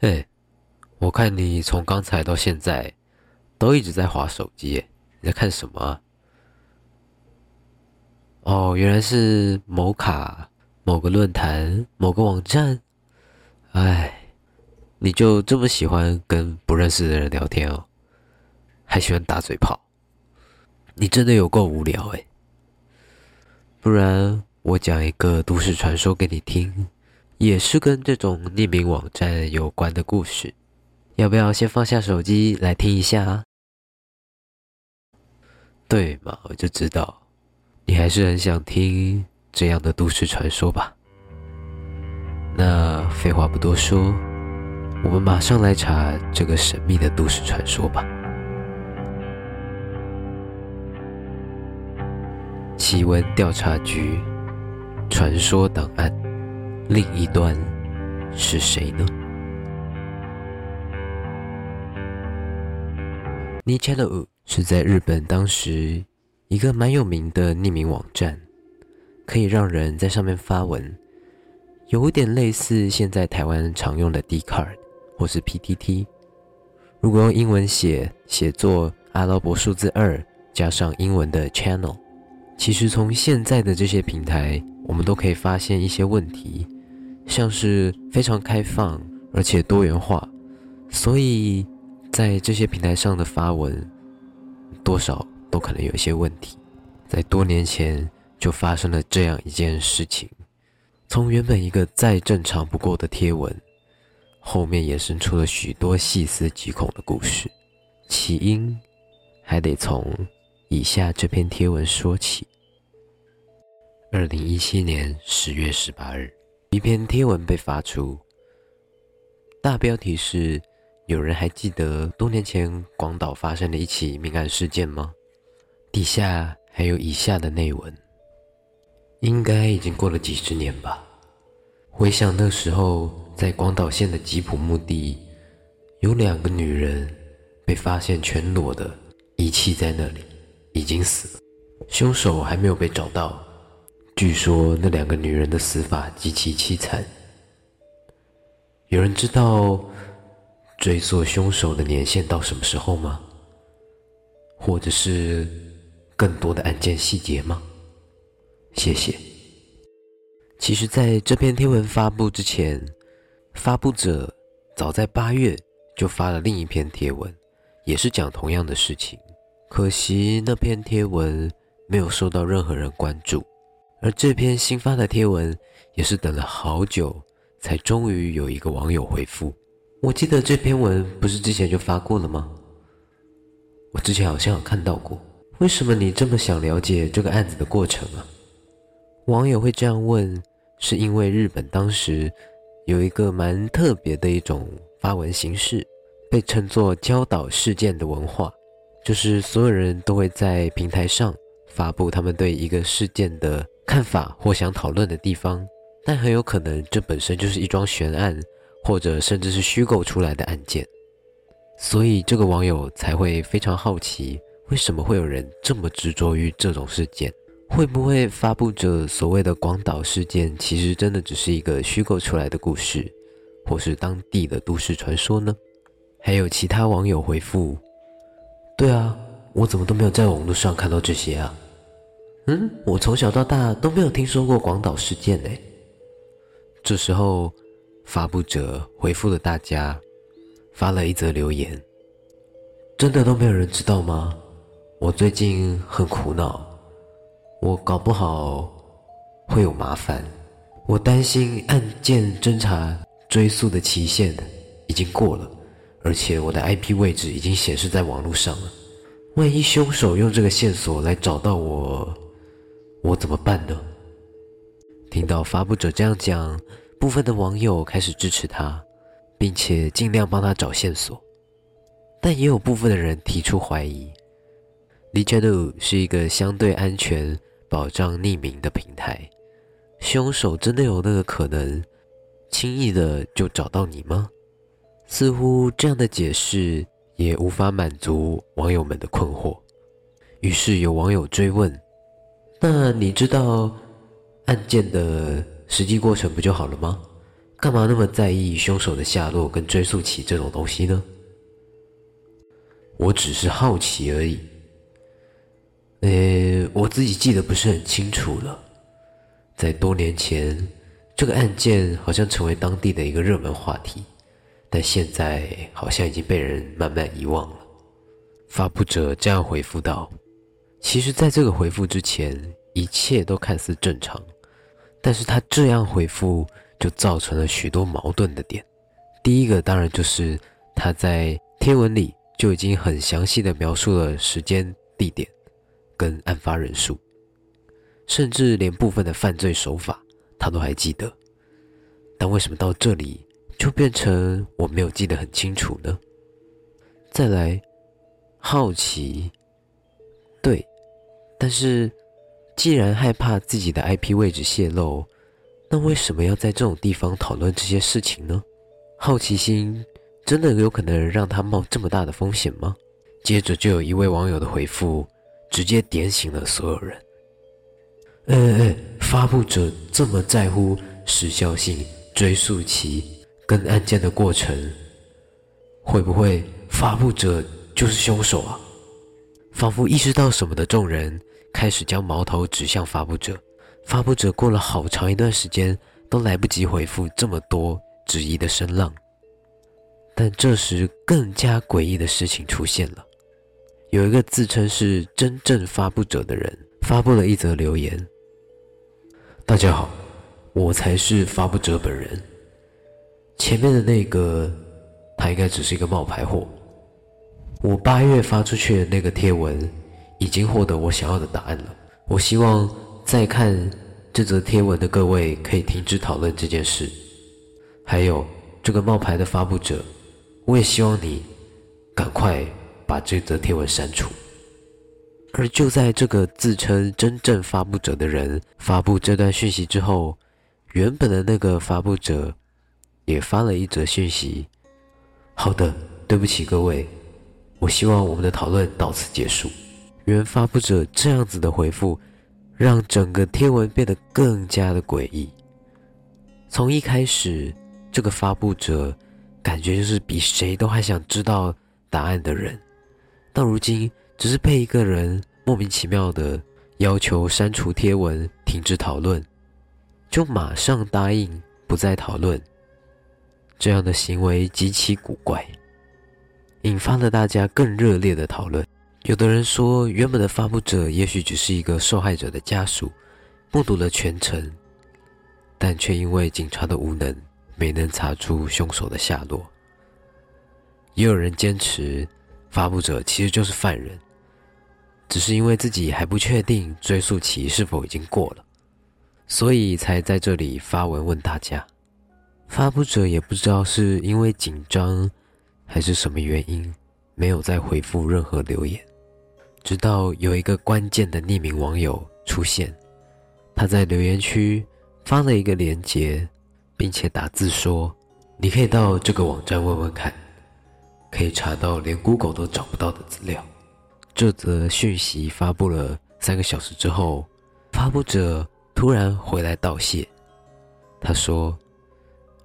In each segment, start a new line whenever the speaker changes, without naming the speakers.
哎，我看你從剛才到現在都一直在滑手機，你在看什麼啊？哦，原來是某卡、某個論壇、某個網站。哎，你就這麼喜歡跟不認識的人聊天喔？還喜歡打嘴炮？你真的有夠無聊哎！不然我講一個都市傳說給你聽。也是跟這種匿名網站有關的故事，要不要先放下手機來聽一下啊？對嘛，我就知道你還是很想聽這樣的都市傳說吧。那廢話不多說，我們馬上來查這個神秘的都市傳說吧。奇聞調查局，傳說檔案。另一端，是誰呢？Ni channel 是在日本當時一個蠻有名的匿名網站，可以讓人在上面發文，有點類似現在台灣常用的 Dcard 或是 PTT。如果用英文寫，寫作阿拉伯數字二加上英文的 channel。其實從現在的這些平台，我們都可以發現一些問題。像是非常開放，而且多元化，所以，在這些平台上的發文，多少都可能有一些問題。在多年前就發生了這樣一件事情，從原本一個再正常不過的貼文，後面衍生出了許多細思極恐的故事。起因還得從以下這篇貼文說起。二零一七年十月十八日。一篇貼文被發出，大標題是“有人還記得多年前廣島發生的一起命案事件嗎？”底下還有以下的內文：應該已經過了幾十年吧。回想那時候，在廣島縣的吉普墓地，有兩個女人被發現全裸的遺棄在那裡，已經死了，凶手還沒有被找到。據說那兩個女人的死法極其淒慘。有人知道追索兇手的年限到什麼時候嗎？或者是更多的案件細節嗎？謝謝。其實，在這篇貼文發布之前，發布者早在八月就發了另一篇貼文，也是講同樣的事情。可惜那篇貼文沒有受到任何人關注。而這篇新發的帖文，也是等了好久，才終於有一個網友回復。我記得這篇文不是之前就發過了嗎？我之前好像有看到過。為什麼你這麼想了解這個案子的過程啊？網友會這樣問，是因為日本當時有一個蠻特別的一種發文形式，被稱作“焦島事件”的文化，就是所有人都會在平台上發布他們對一個事件的。看法或想討論的地方，但很有可能這本身就是一樁懸案，或者甚至是虛構出來的案件，所以這個網友才會非常好奇，為什麼會有人這麼執着於這種事件？會不會發布者所謂的廣島事件其實真的只是一個虛構出來的故事，或是當地的都市傳說呢？還有其他網友回覆：“對啊，我怎麼都沒有在網絡上看到這些啊？”嗯，我從小到大都沒有聽說過廣島事件呢。這時候，發佈者回復了大家，發了一則留言：“真的都沒有人知道嗎？我最近很苦惱，我搞不好會有麻煩。我擔心案件偵查追訴的期限已經過了，而且我的 IP 位置已經顯示在網絡上了。萬一凶手用這個線索來找到我。”我怎麼辦呢？聽到發布者這樣講，部分的網友開始支持他，並且儘量幫他找線索，但也有部分的人提出懷疑。Reddit 是一個相對安全、保障匿名的平台，兇手真的有那個可能輕易的就找到你嗎？似乎這樣的解釋也無法滿足網友們的困惑，於是有網友追問。那你知道案件的實際過程不就好了嗎？幹嘛那麼在意凶手的下落跟追訴期這種東西呢？我只是好奇而已。呃，我自己記得不是很清楚了。在多年前，這個案件好像成為當地的一個熱門話題，但現在好像已經被人慢慢遺忘了。發布者這樣回復道。其實，在這個回復之前，一切都看似正常，但是他這樣回復就造成了許多矛盾的點。第一個當然就是他在貼文裡就已經很詳細的描述了時間、地點、跟案發人數，甚至連部分的犯罪手法他都還記得，但為什麼到這裡就變成我沒有記得很清楚呢？再來，好奇。對，但是，既然害怕自己的 IP 位置泄露，那為什麼要在這種地方討論這些事情呢？好奇心真的有可能讓他冒這麼大的風險嗎？接着就有一位網友的回覆，直接點醒了所有人。哎哎哎，發布者這麼在乎時效性、追溯期跟案件的過程，會不會發布者就是兇手啊？仿佛意識到什麼的眾人開始將矛頭指向發布者，發布者過了好長一段時間都來不及回復這麼多質疑的聲浪。但這時更加詭異的事情出現了，有一個自稱是真正發布者的人發布了一則留言：“大家好，我才是發布者本人，前面的那個，他應該只是一個冒牌貨。”我八月發出去的那個貼文，已經獲得我想要的答案了。我希望在看這則貼文的各位可以停止討論這件事。還有這個冒牌的發布者，我也希望你趕快把這則貼文刪除。而就在這個自稱真正發布者的人發布這段訊息之後，原本的那個發布者也發了一則訊息：“好的，對不起各位。”我希望我們的討論到此結束。原發布者這樣子的回覆，讓整個貼文變得更加的詭異。從一開始，這個發布者感覺就是比誰都還想知道答案的人，到如今只是被一個人莫名其妙的要求刪除貼文、停止討論，就馬上答應不再討論，這樣的行為極其古怪。引發了大家更熱烈的討論。有的人說，原本的發布者也許只是一個受害者的家屬，目睹了全程，但卻因為警察的無能，沒能查出兇手的下落。也有人堅持，發布者其實就是犯人，只是因為自己還不確定追訴期是否已經過了，所以才在這裡發文問大家。發布者也不知道是因為緊張。還是什麼原因，沒有再回復任何留言，直到有一個關鍵的匿名網友出現，他在留言區發了一個鏈接，並且打字說：“你可以到這個網站問問看，可以查到連 Google 都找不到的資料。”這則訊息發布了三個小時之後，發佈者突然回來道謝，他說：“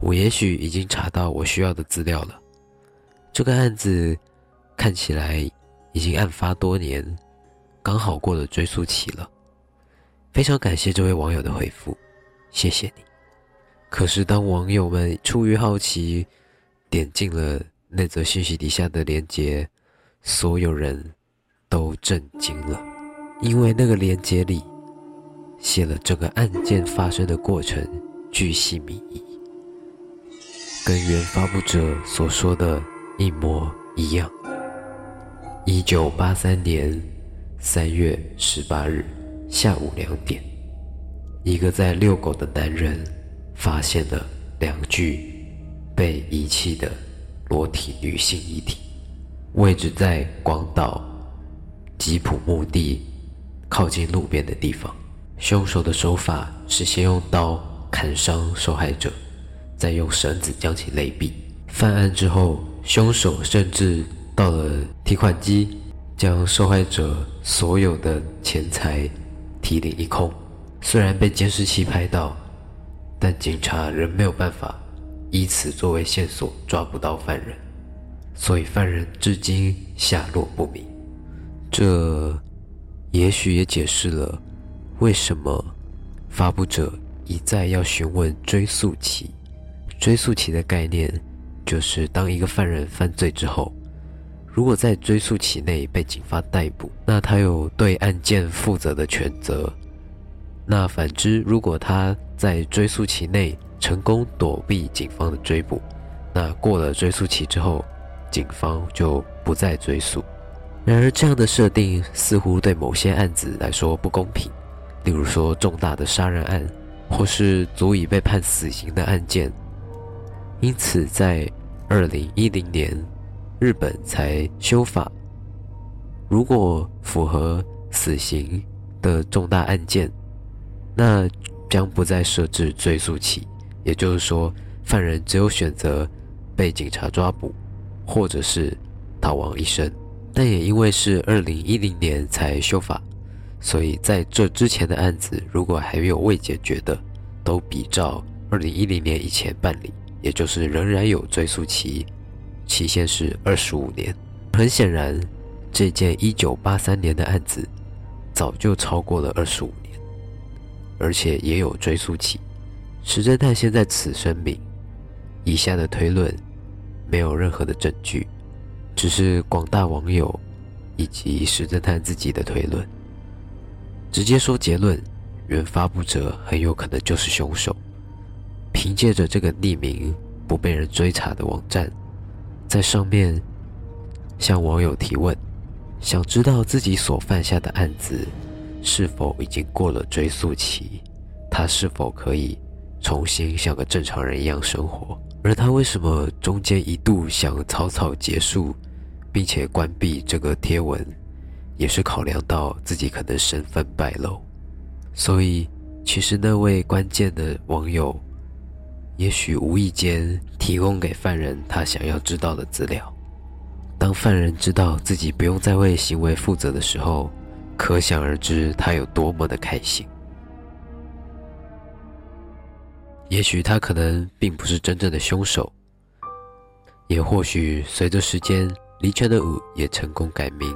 我也許已經查到我需要的資料了。”這個案子看起來已經案發多年，剛好過了追訴期了。非常感謝這位網友的回復，謝謝你。可是當網友們出於好奇點進了那則信息底下的鏈接，所有人都震驚了，因為那個鏈接裡寫了整個案件發生的過程，巨細靡遺，跟原發布者所說的。一模一樣。一九八三年三月十八日下午兩點，一個在遛狗的男人發現了兩具被遺棄的裸體女性遺體，位置在廣島吉浦墓地靠近路邊的地方。兇手的手法是先用刀砍傷受害者，再用繩子將其勒斃。犯案之後。兇手甚至到了提款機，將受害者所有的錢財提領一空。雖然被監視器拍到，但警察仍沒有辦法以此作為線索，抓不到犯人，所以犯人至今下落不明。這也許也解釋了為什麼發布者一再要詢問追訴期，追訴期的概念。就是當一個犯人犯罪之後，如果在追訴期內被警方逮捕，那他有對案件負責的權責。那反之，如果他在追訴期內成功躲避警方的追捕，那過了追訴期之後，警方就不再追訴。然而，這樣的設定似乎對某些案子來說不公平，例如說重大的殺人案，或是足以被判死刑的案件。因此，在二零一零年，日本才修法。如果符合死刑的重大案件，那將不再設置追訴期，也就是說，犯人只有選擇被警察抓捕，或者是逃亡一生。但也因為是二零一零年才修法，所以在這之前的案子，如果還沒有未解決的，都比照二零一零年以前辦理。也就是仍然有追訴期，期限是二十五年。很顯然，這件一九八三年的案子早就超過了二十五年，而且也有追訴期。石偵探現在此聲明，以下的推論沒有任何的證據，只是廣大網友以及石偵探自己的推論。直接說結論，原發布者很有可能就是兇手。憑借着這個匿名、不被人追查的網站，在上面向網友提問，想知道自己所犯下的案子是否已經過了追訴期，他是否可以重新像個正常人一樣生活？而他為什麼中間一度想草草結束，並且關閉這個貼文，也是考量到自己可能身份敗露。所以，其實那位關鍵的網友。也許無意間提供給犯人他想要知道的資料，當犯人知道自己不用再為行為負責的時候，可想而知他有多麼的開心。也許他可能並不是真正的兇手，也或許隨着時間，離群的舞也成功改名，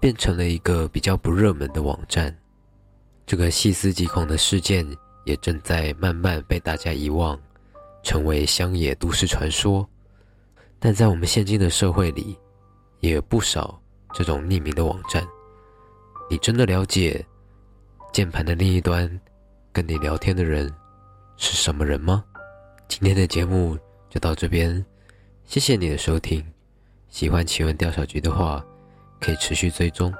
變成了一個比較不熱門的網站。這個細思極恐的事件也正在慢慢被大家遺忘。成為鄉野都市傳說，但在我們現今的社會裡，也有不少這種匿名的網站。你真的了解鍵盤的另一端跟你聊天的人是什麼人嗎？今天的節目就到這邊，謝謝你的收聽。喜歡奇聞調查局的話，可以持續追蹤。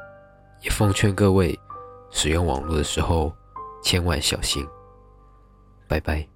也奉勸各位使用網絡的時候，千萬小心。拜拜。